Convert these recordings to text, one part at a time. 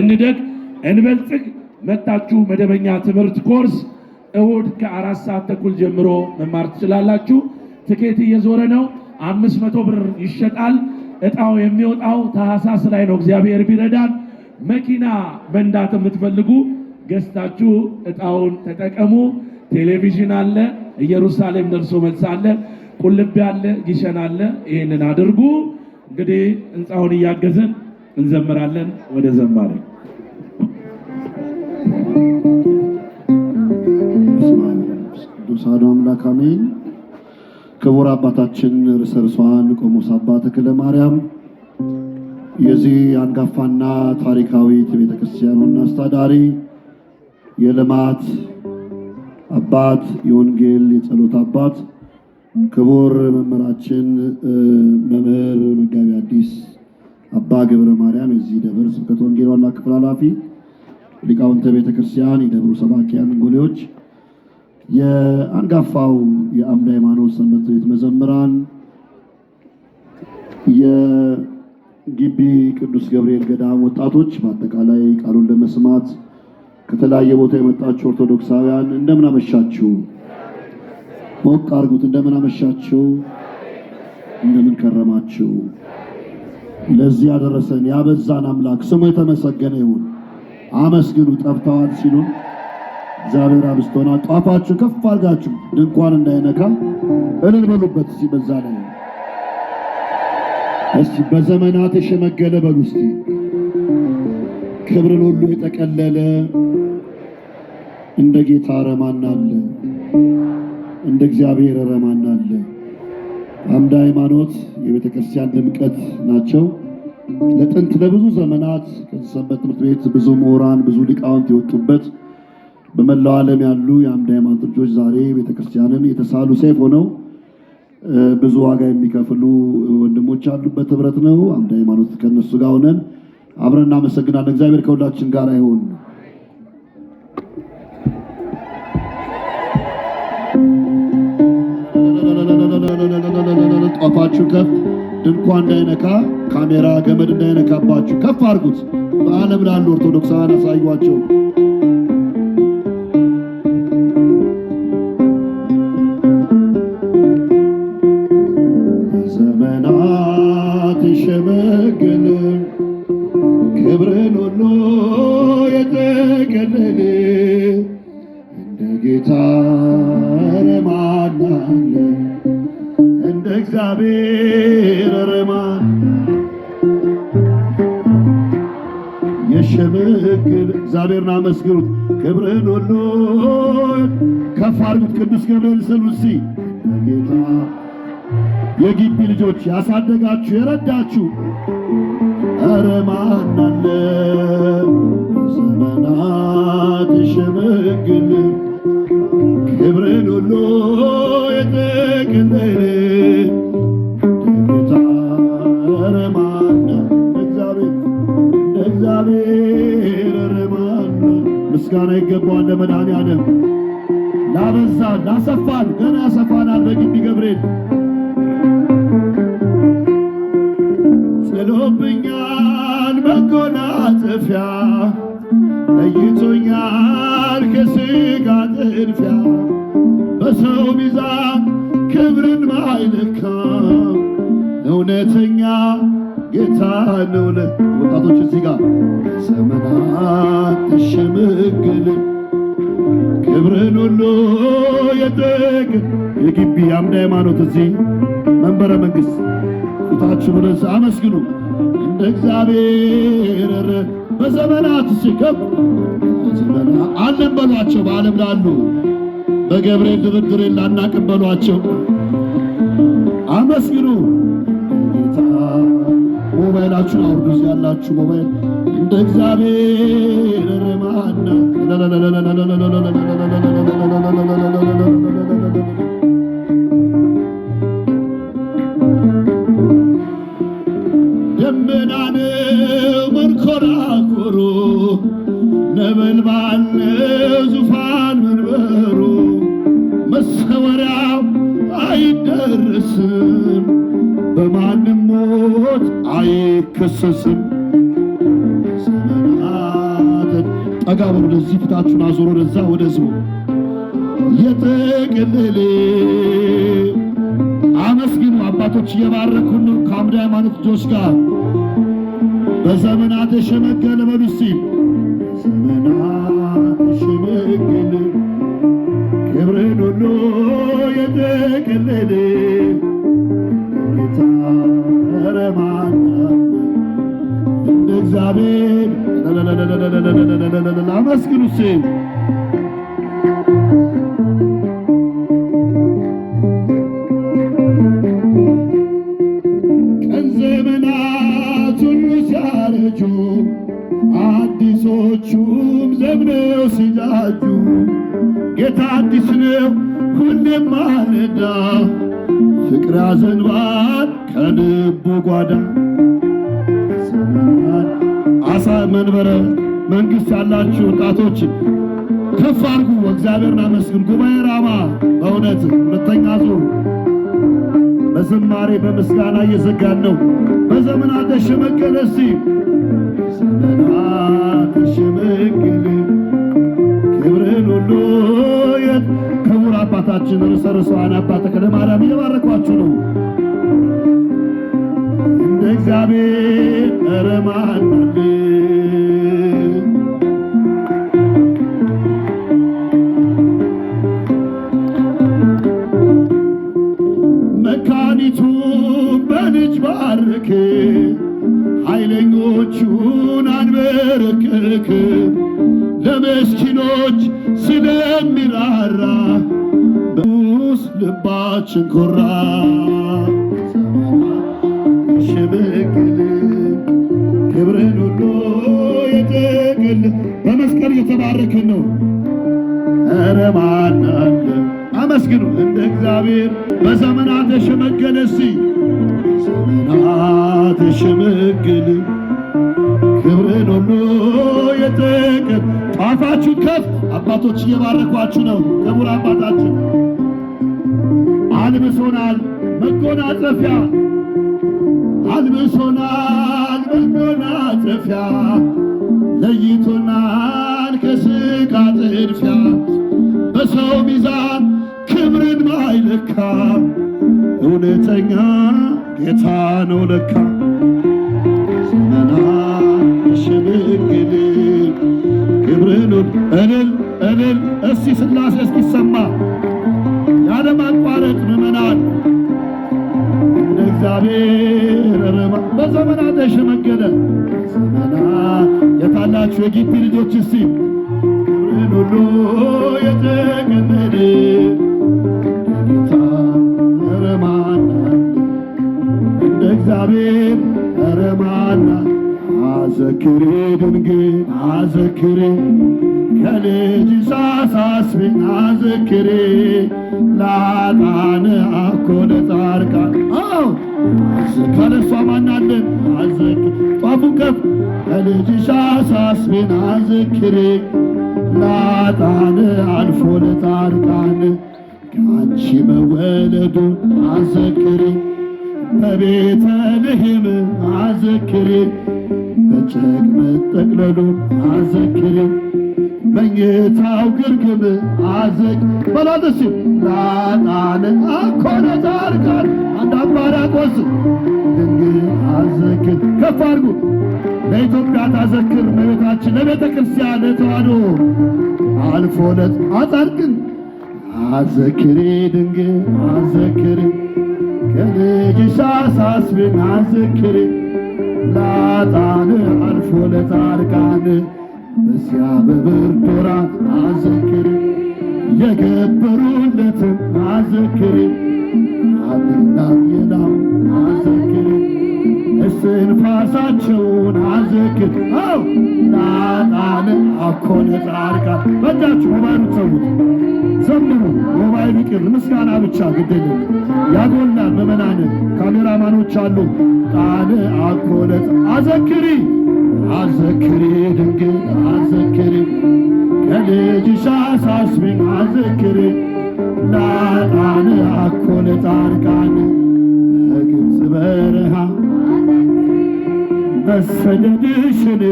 እንደግ እንበልጽግ መጣችሁ መደበኛ ትምህርት ኮርስ እሁድ ከአራት ሰዓት ተኩል ጀምሮ መማር ትችላላችሁ። ትኬት እየዞረ ነው። አምስት መቶ ብር ይሸጣል። እጣው የሚወጣው ታህሳስ ላይ ነው፣ እግዚአብሔር ቢረዳን። መኪና መንዳት የምትፈልጉ ገዝታችሁ እጣውን ተጠቀሙ። ቴሌቪዥን አለ፣ ኢየሩሳሌም ደርሶ መልስ አለ፣ ቁልቢ አለ፣ ጊሸን አለ። ይህንን አድርጉ። እንግዲህ ህንፃውን እያገዝን እንዘምራለን። ወደ ዘማሪ ቅዱሳኑ አምላክ አሜን። ክቡር አባታችን ርዕሰ ርሷን ቆሞስ አባ ተክለ ማርያም የዚህ አንጋፋና ታሪካዊት ቤተ ክርስቲያኑና አስተዳዳሪ የልማት አባት የወንጌል የጸሎት አባት ክቡር መምህራችን መምህር መጋቢ አዲስ አባ ገብረ ማርያም የዚህ ደብር ስብከት ወንጌል ዋና ክፍል ኃላፊ፣ ሊቃውንተ ቤተክርስቲያን የደብሩ ሰባኪያን ጉሌዎች፣ የአንጋፋው የአምደ ሃይማኖት ሰንበት ቤት መዘምራን፣ የግቢ ቅዱስ ገብርኤል ገዳም ወጣቶች፣ በአጠቃላይ ቃሉን ለመስማት ከተለያየ ቦታ የመጣችሁ ኦርቶዶክሳውያን እንደምን አመሻችሁ። ሞቅ አድርጉት። እንደምን አመሻችሁ፣ እንደምን ከረማችሁ። ለዚህ ያደረሰን ያበዛን አምላክ ስሙ የተመሰገነ ይሁን። አመስግኑ። ጠፍተዋል ሲሉን እግዚአብሔር አብስቶና ጧፋችሁ ከፍ አድርጋችሁ ድንኳን እንዳይነካ እልል በሉበት። እስኪ በዛ ላይ እስኪ በዘመናት የሸመገለ በሉ እስኪ ክብርን ሁሉ የጠቀለለ እንደ ጌታ ረማናለ እንደ እግዚአብሔር ረማናለ አምደ ሃይማኖት የቤተ ክርስቲያን ድምቀት ናቸው። ለጥንት ለብዙ ዘመናት ከሰንበት ትምህርት ቤት ብዙ ምሁራን፣ ብዙ ሊቃውንት የወጡበት በመላው ዓለም ያሉ የአምደ ሃይማኖት ልጆች ዛሬ ቤተ ክርስቲያንን የተሳሉ ሰይፍ ሆነው ብዙ ዋጋ የሚከፍሉ ወንድሞች ያሉበት ህብረት ነው። አምደ ሃይማኖት ከነሱ ጋር ሆነን አብረን እናመሰግናለን። እግዚአብሔር ከሁላችን ጋር ይሁን። አፋችሁ ከፍ ድንኳን እንዳይነካ ካሜራ ገመድ እንዳይነካባችሁ ከፍ አድርጉት። በዓለም ላሉ ኦርቶዶክሳውያን አሳዩዋቸው። ዘመናት ሸመገለ ክብረ የምትመስሉ እዚህ በጌታ የግቢ ልጆች ያሳደጋችሁ የረዳችሁ አረማናለ ዘመናት ሽምግል ክብርን ሁሉ የተቀበለ እግዚአብሔር እግዚአብሔር ምስጋና ይገባዋል ላበዛን ላሰፋን ገና ያሰፋናል በግቢ ገብርኤል ጥሎብኛል መጎናጸፊያ ለይቶኛል ከስጋ ጥድፊያ በሰው ሚዛን ክብርን ማይለካ እውነተኛ ጌታ ነው። ወጣቶች እዚህ ጋር ዘመናት ተሸምግልን ክብርን ሁሉ የደግ የግቢ አምደ ሃይማኖት እዚህ መንበረ መንግሥት ቁታችሁ ብለስ አመስግኑ እንደ እግዚአብሔር በዘመናት ሲከብ አለን በሏቸው። በዓለም ላሉ በገብርኤል ድርድሬ ላናቅም በሏቸው። አመስግኑ ያላችሁ አርዱዝ ያላችሁ ሞባይል እንደ እግዚአብሔር ማና ፊታችሁን አዞሮ ወደዛ ወደ ህዝቡ የጥቅልል አመስግኑ አባቶች እየባረኩን ከአምድ ሃይማኖት ልጆች ጋር በዘመናት የሸመገለ በሉ እስቲ ዘመናት የሸመገለ ክብርን ሁሉ የጥቅልል Namaskar Hussein. ወገኖችን ከፍ አድርጉ፣ እግዚአብሔርን አመስግን። ጉባኤ ራማ በእውነት ሁለተኛ ዙር በዝማሬ በምስጋና እየዘጋን ነው። በዘመና ተሸመገለ እስቲ ዘመና ተሸመገለ ክብርን ሁሉ የት ክቡር አባታችን ርዕሰ ርዕሳን አባ ተክለ ማርያም እየባረኳችሁ ነው። እንደ እግዚአብሔር ረማናል አንበረከክ ኃይለኞቹን አንበረከክ ለመስኪኖች ስለሚራራ በሙስ ልባችን ኮራ ሽብግል ክብርን ሁሉ የጠቅል በመስቀል እየተባረክን ነው። ኧረ ማናለ አመስግኑ እንደ እግዚአብሔር በዘመናት የሸመገለ ዘመናት የሸመገለ ክብርን ሁሉ የጠቀም ጣፋችሁን ከፍ አባቶች እየባረኳችሁ ነው። ክቡር አባታችን አልብሶናል መጎናጸፊያ አልብሶናል መጎናጸፊያ ለይቶናል ከስጋ ጥድፊያ በሰው ሚዛን ክብርን ማይለካ እውነተኛ ጌታ ነው ለካ ዘመናት ሽግግር ክብርን እልል እልል እስቲ ሥላሴ እስኪሰማ ያለማቋረጥ ምዕመናን እግዚአብሔር ረማ በዘመናት የሸመገለ ዘመናት የታላችሁ የግቢ ልጆች እስቲ ክብርን ሁሉ የተገመደ እግዚአብሔር ረማና አዘክሬ ድንግል አዘክሬ ከልጅ ሳሳስቤ አዘክሬ ላጣነ አኮ ለጻርቃን ማናለን አዘክ ጧፉን ከፍ ከልጅ ሳሳስቤን አዘክሬ ላጣነ አልፎ ለጻርቃን ከአንቺ መወለዱ አዘክሬ በቤተልሔም አዘክሪ በጨርቅ መጠቅለሉ አዘክሬ መኝታው ግርግም አዘግ በላደስ ላጣን አኮነ ዛርጋር አንድ አምባራቆስ ድንግል አዘክር ከፍ አድርጉ። ለኢትዮጵያ ታዘክር መቤታችን ለቤተ ክርስቲያን ለተዋሕዶ አልፎ አጻድቅን አዘክሬ ድንግል አዘክሬ ከልጅሽ አሳስብን አዘክሪ ላጣን አልፎ ለጻድቃን በዚያ በብርድ ወራት አዘክሪ የገበሩለትን አዘክሪ አብና የላም አዘክሪ እስንፋሳቸውን አዘክሪ ላጣን አኮ ለጻድቃን በጃችሁ ባሩ ሰውት ዘምሩ ሞባይል ይቅር ምስጋና ብቻ ግደል ያጎላ መመናን ካሜራማኖች አሉ ጣን አኮለት አዘክሪ አዘክሪ ድንግል አዘክሪ ከልጅሻ ሳስብን አዘክሪ ላጣን አኮለት አርቃን በግብፅ በረሃ መሰደድሽን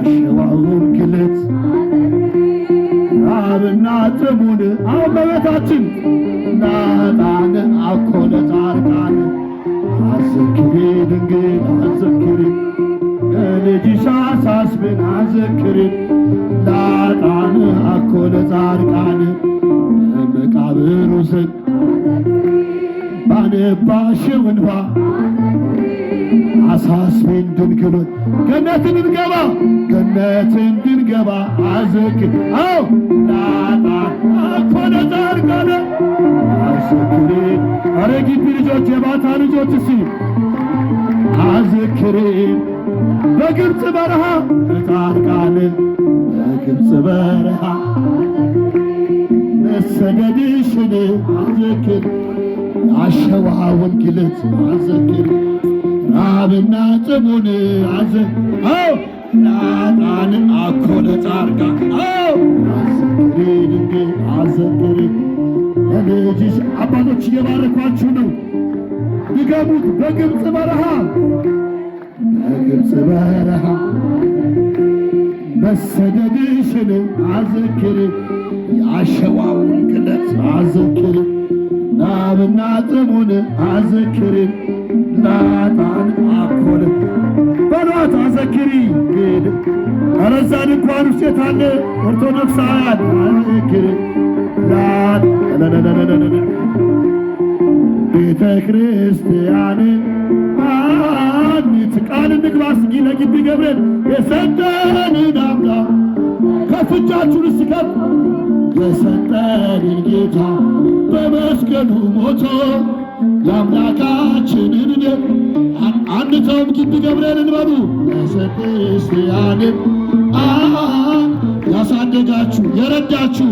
አሸዋውን ግለት አብና ትሙን አመበታችን ናጣን አኮነ ጻርቃን አዘክሪ ድንግል አዘክሪ ለልጅሽ አሳስብን አዘክሪ ላጣን አኮነ ጻርቃን መቃብሩ ስን ባነባሽው እንባ አሳስቤን ድንግሎት ገነትን እንገባ ገነትን ድንገባ አዘክ አው ዳታ አኮነ ዛርጋነ አዘክሬን አረ ግቢ ልጆች የባታ ልጆች እሲ አዘክሬን በግብፅ በረሃ ተጻድቃን በግብፅ በረሃ መሰደድሽን አዘክር አሸዋ ወንጌለት አዘክር ራብና ጥሙን አዘ ናጣን አኮለ ጻርጋ አዘንብሬ ድንግል አዘንብሬ አባቶች እየባረኳችሁ ነው። ይገቡት በግብፅ በረሃ በግብፅ በረሃ መሰደድሽን አዘክር የአሸዋውን ግለት አዘክር ራብና ጥሙን አዘክር ሰማዕታን አኮል በሏት አዘክሪ ግድ አረዛ ድንኳን ውስጥ የታለ ኦርቶዶክሳውያን አዘክሪ ላት ቤተ ክርስቲያንን ማኒት ቃል እንግባ እስኪ ለግቢ ገብርኤል የሰጠንን አምላክ ከፍ እጃችሁን እስኪ የሰጠንን ጌታ በመስቀሉ ሞቶ የአምላካችንን አንድ አንተውም ግቢ ገብርኤል እንበሉ ለሰክርስቲያንም ያሳደጋችሁ የረዳችሁ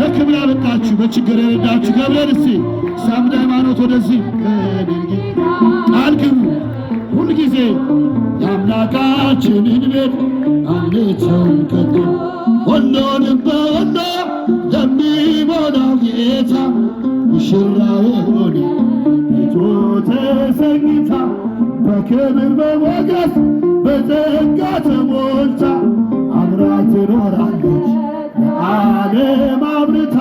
ለክብር ያበቃችሁ በችግር የረዳችሁ ገብርኤል እስቲ ሳምድ ሃይማኖት ወደዚህ ቃል ግቡ ሁልጊዜ የአምላካችንን ቤት አንተውም ከቶ ሁሉንም በሁሉ ለሚሞላው ጌታ ሙሽራ ሆነ በፊቱ ተሰኝታ በክብር በሞገስ በጸጋ ተሞልታ አብራ ትኖራለች ለዓለም አብርታ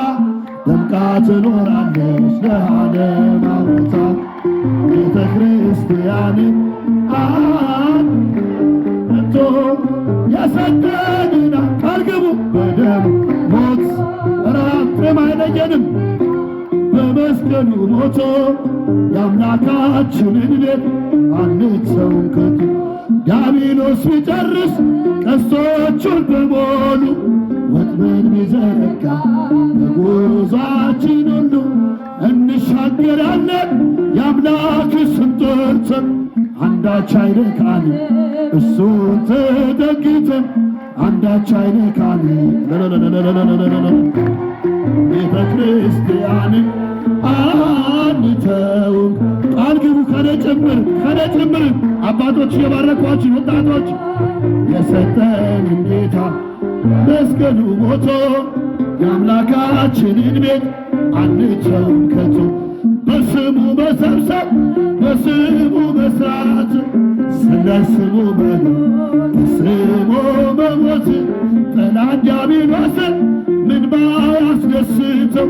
ደምቃ ትኖራለች ለዓለም አብርታ ቤተ ክርስቲያን በደም ሞት መስገኑ ሞቶ የአምላካችንን ቤት አንሰውም ከቶ ዲያብሎስ ቢጨርስ ቀስቶቹን በሞሉ ወጥመድ ቢዘረጋ በጉዟችን ሁሉ እንሻገራለን። የአምላክ ስም ጠርተን አንዳች አይነካን እሱን ተጠግተን አንዳች አይነካን ቤተ ክርስቲያንን አንተውም። ቃል ግቡ ከኔ ጭምር ከኔ ጭምር አባቶች የባረኳችሁ ወጣቶች የሰጠን ጌታ መስቀሉ ሞቶ የአምላካችንን ቤት አንተውም ከቶ በስሙ መሰብሰብ በስሙ መስራት ስለ ስሙ መኖር በስሙ መሞት ጠላት ዲያብሎስን ምን ባያስደስተው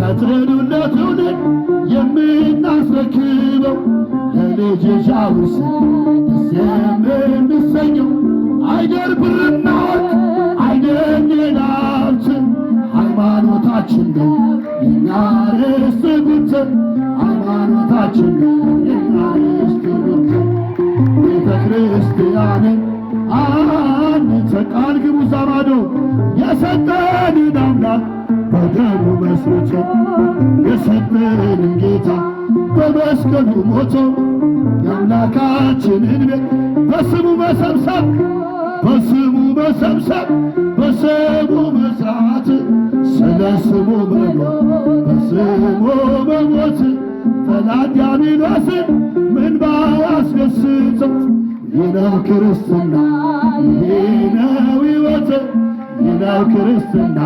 ከትረዱና ትውልድ የምናስረክበው ለልጅ ሻውርስ የምንሰኘው አይደር ብርና ወርቅ አይደር ሃይማኖታችን ነው የኛ ርስት ጉንትን ሃይማኖታችን ነው የኛ ርስት ጉንትን ቤተ ክርስቲያንን አንተቃል ግቡ ሰማዶ የሰጠንን አምላክ በደሙ መስርቶ የሰጠን ጌታ በመስቀሉ ሞቶ የአምላካችንን ቤት በስሙ መሰብሰብ በስሙ መሰብሰብ በስሙ መስራት ስለ ስሙ መኖር በስሙ መሞት ጠላት ዲያብሎስን ምን ባያስደስተው ይህ ነው ክርስትና ይህ ነው ሕይወት ክርስትና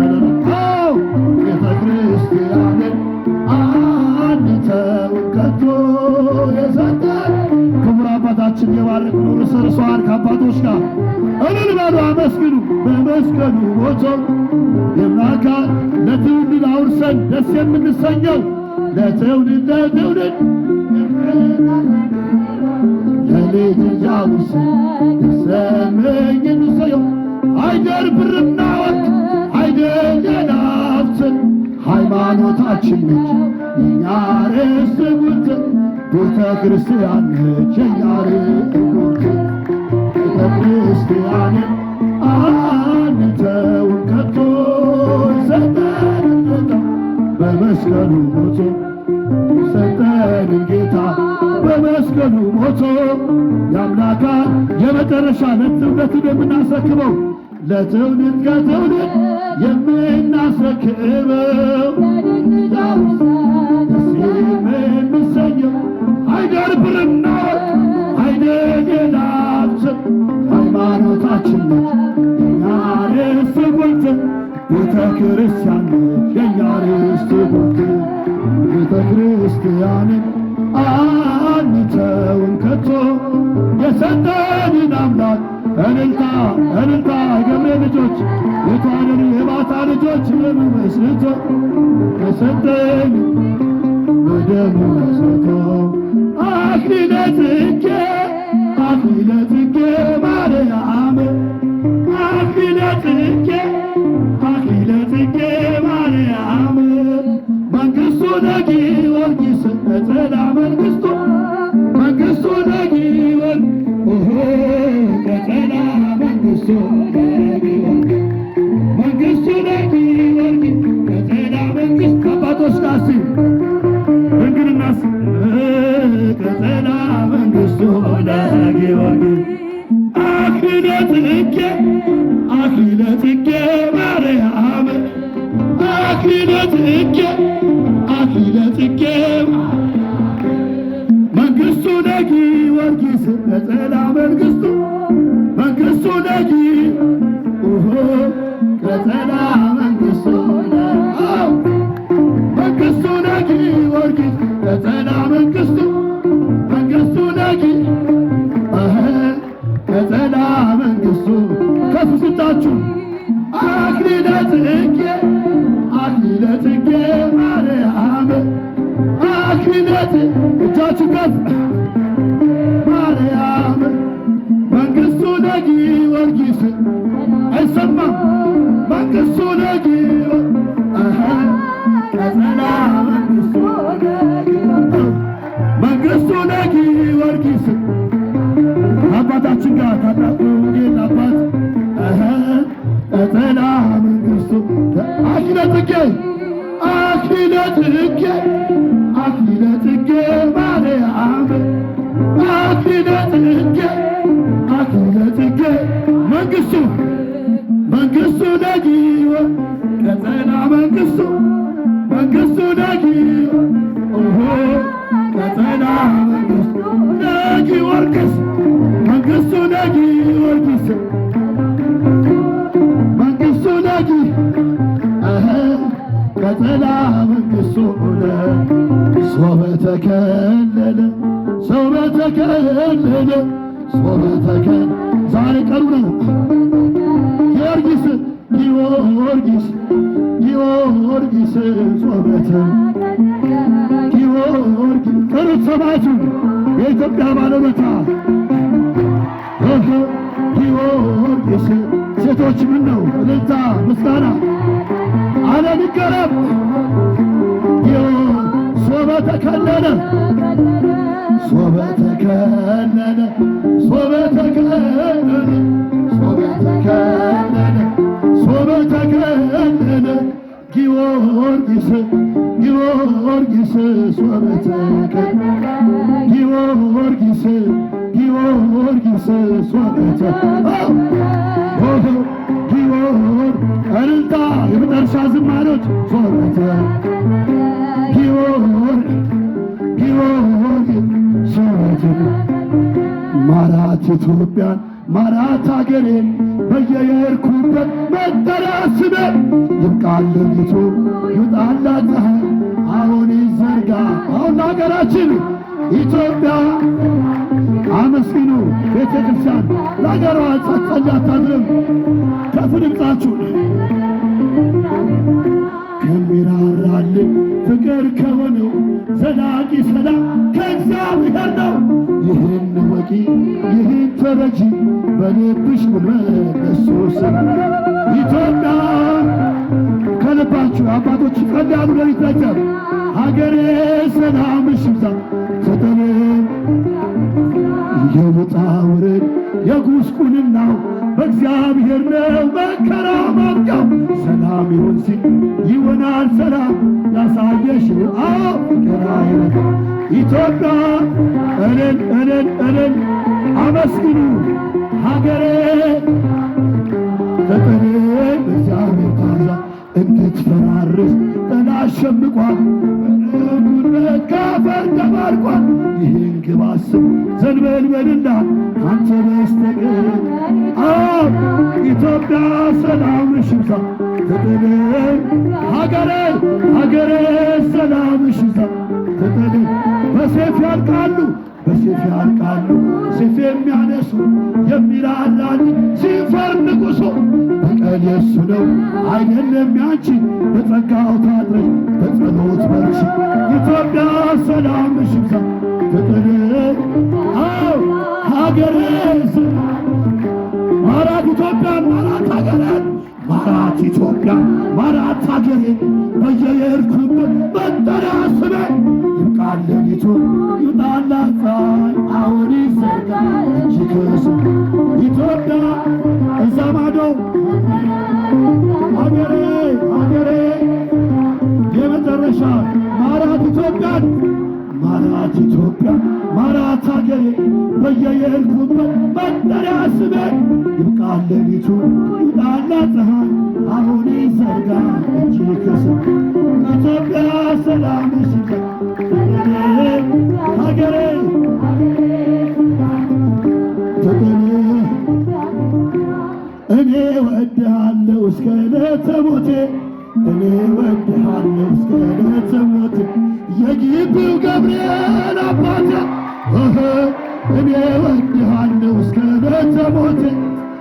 ቤተ ክርስቲያንን አንተው ከቶ የሰጠን ክቡር አባታችን የባረክ ኑር ስርሷን ከአባቶች ጋር እልል በሉ አመስግኑ። በመስገዱ ሞቶ የምናካ ለትውልድ አውርሰን ደስ የምንሰኘው ለትውልድ ለትውልድ ለልጅ ያውሰን ደሰመኝ ንሰየው አይደር ብርና ወርቅ አይደር ገናፍትን ሃይማኖታችን ነች የኛ ርዕሰ ጉዳይ ቤተ ክርስቲያን ነች የኛ ርዕሰ ጉዳይ ቤተ ክርስቲያን አንተውን ከቶ ሰጠንን በመስቀሉ ሞቶ ሰጠንን ጌታ በመስቀሉ ሞቶ የአምላካን የመጨረሻ ነጥብ የምናሰክበው ለትውልድ ከትውልድ የምናስረክበው ደስ የምንሰኘው አይደር ብርና ወርቅ ሃይማኖታችን የኛ ርስት ቁልፍ ቤተ ክርስቲያን የኛ ርስት ቤተ ክርስቲያንን አንተውን ከቶ የሰጠንን አምላክ እልልታ እልልታ የገብሬ ልጆች የተዋደዱ የባታ ልጆች ደሙ መስርቶ ከሰጠኝ በደሙ መስርቶ አክሊለ ጽጌ አክሊለ ጽጌ ማርያም አክሊለ ጽጌ አክሊለ ጽጌ ማርያም መንግሥቱ ለጊዮርጊስ ነጸላ መንግሥቱ መንግስቱ ነጊ ወርጊስ ነጠላ መንግስቱ መንግሥቱ ነጊ ቀጸላ መንግስቱ መንግስቱ ነጊ ወርጊስ ቀጸላ መንግስቱ መንግሥቱ ነጊ ቀጸላ መንግሥቱ ከፍ ስታችሁ አክሊለ ጽጌ አክሊለ ጽጌ ማርያም አክሊለ ጽጌ ጽጌ አክሊለ ጽጌ አክሊለ ጽጌ ማርያም አክሊለ ጽጌ አክሊለ ጽጌ መንግሥቱ መንግሥቱ ነጊወ ቀጸና መንግሥቱ መንግሥቱ ነጊወ ኦሆ ቀጸና መንግሥቱ ነጊ ወርቅስ መንግሥቱ ነጊ ወርቅስ فتلا منك السبل صوب تكلل صوب تكلل صوب تكلل ዛሬ ቀኑ ነው። ጊዮርጊስ ጊዮርጊስ ጊዮርጊስ ጾመተ ጊዮርጊስ ቀኑት ሰማዕቱ የኢትዮጵያ ባለመታ ጊዮርጊስ ሴቶች ምን ነው እልልታ ምስጋና على الكرم يا صوبتك لنا صوبتك لنا صوبتك لنا صوبتك لنا صوبتك لنا جيورجس جيورجس صوبتك جيورجس جيورجس صوبتك ቢሆን እልልታ የመጨረሻ ዝማሬዎች ሶረተ ቢሆን ማራት ኢትዮጵያን ማራት አገሬን በየየርኩበት መጠሪያ ስሜ ይብቃል ሌሊቱ ይውጣላት ፀሐይ አሁን ይዘርጋ አሁን ሀገራችን ኢትዮጵያ አመስግኑ ቤተ ክርስቲያን ለአገሯ ጸጥ አታድርም ከፍ ድምፃችሁን ከሚራራልን ፍቅር ከሆነው ዘላቂ ሰላም ከእግዚአብሔር ነው። ይህን ወቂ ይህን ተረጂ በልብሽ ጉልበት ኢትዮጵያ ከልባችሁ አባቶች ይጸልያሉ ለሊት ለእግዚአብሔር ሀገሬ ሰላምሽ ይብዛ ሰጠኔ የውጣ ውረድ የጉስቁልናው በእግዚአብሔር ነው መከራ ማብቂያው። ሰላም ይሁን ሲል ይሆናል ሰላም ያሳየሽ አዎ ገና ኢትዮጵያ እልል እልል እልል አመስግኑ ሀገሬ ተጠሬ በእግዚአብሔር ታዛ እንድትፈራርስ ጠላት ሸምቋል፣ ጉልበት ካፈር ተማርቋል። ዓይንህን ግባ አስብ ዘንበልበልና ካንተ በስተቀር አብ ኢትዮጵያ ሰላም ሽብዛ ተጠለል ሀገረ ሀገረ ሰላም ሽብዛ ተጠለል በሴፍ ያልቃሉ በሴፍ ያልቃሉ ሴፍ የሚያነሱ የሚራራል ሲፈር ንጉሶ በቀል የሱ ነው አይደለም ያንቺ በጸጋው ታጥረሽ በጸሎት በርቺ ኢትዮጵያ ሰላም ሽብዛ ሀገር ማራት ኢትዮጵያን ማራት ሀገርን ማራት ኢትዮጵያን ማራት ሀገርን በየየርኩበት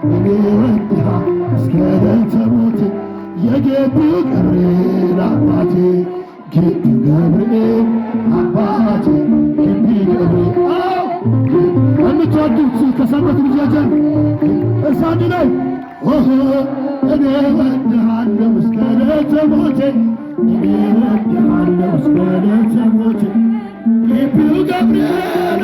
በቤት እስከ ቤተ ሞት የጌዱ ገብርኤል አባቴ ጌዱ ገብርኤል አባቴ ጌዱ ገብርኤል የምትወዱት ከሰንበት ልጆችን እሳት ላይ እኔ እወድሃለሁ እስከ ቤተ ሞቴ እኔ እወድሃለሁ እስከ ቤተ ሞቴ ጌዱ ገብርኤል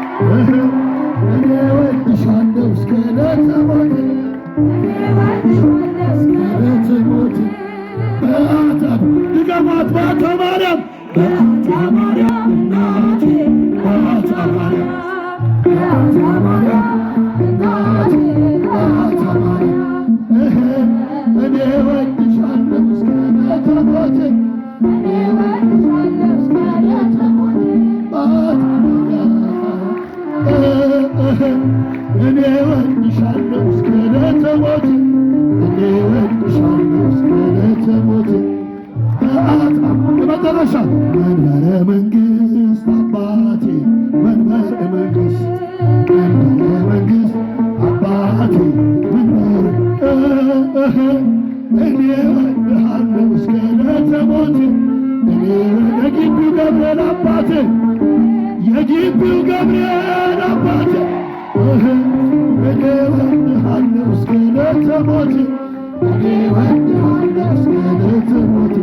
ማርያም መጨረሻ መንበረ መንግስት መንግስት አባቴ ገብርኤል አባቴ የግቢው ገብርኤል አባቴ እወድሃለሁ እስከ ሞቴ እኔ እወድሃለሁ እስከ ሞቴ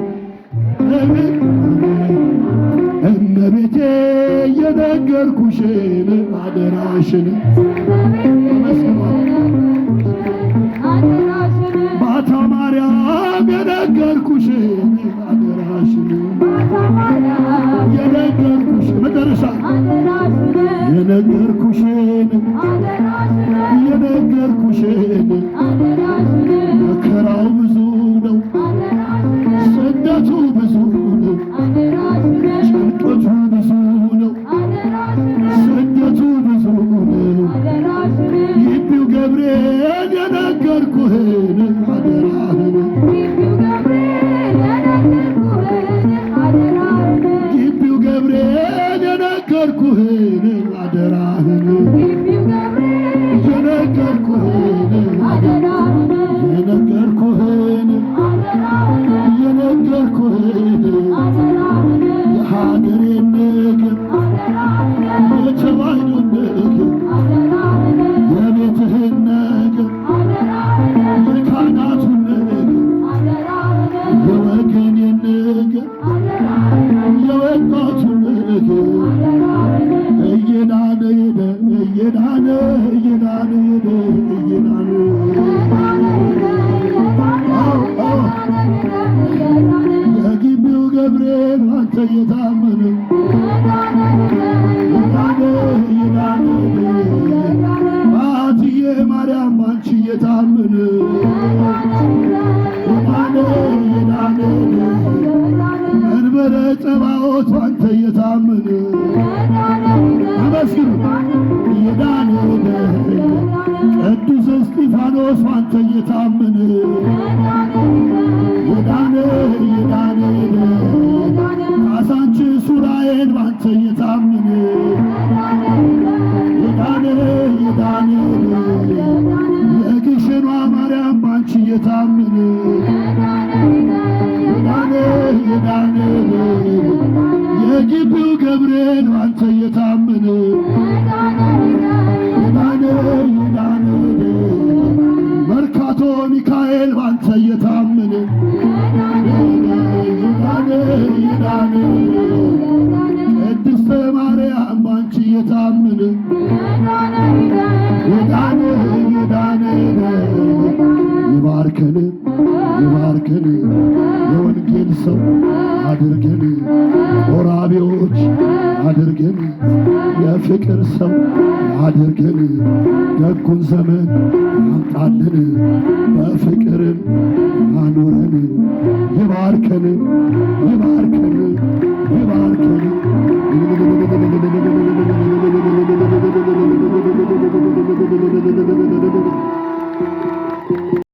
እመቤቴ የነገርኩሽን አደራሽን ባታ ማርያም የነገርኩሽን የነገርኩሽን የነገርኩሽን ነው አንተ እየታመን ዳነ ዳነ መርካቶ ሚካኤል ባንተ እየታመን ዳነ ዳነ ቅድስተ ማርያም ባንቺ እየታመን ዳነ ዳነ ይባርከን ይባርከን የወንጌል ሰው አድርገን ወራቢዎች አድርገን የፍቅር ሰው አድርገን ደጉን ዘመን ያምጣልን በፍቅርን አኑረን ይባርከን ይባርከን ይባርከን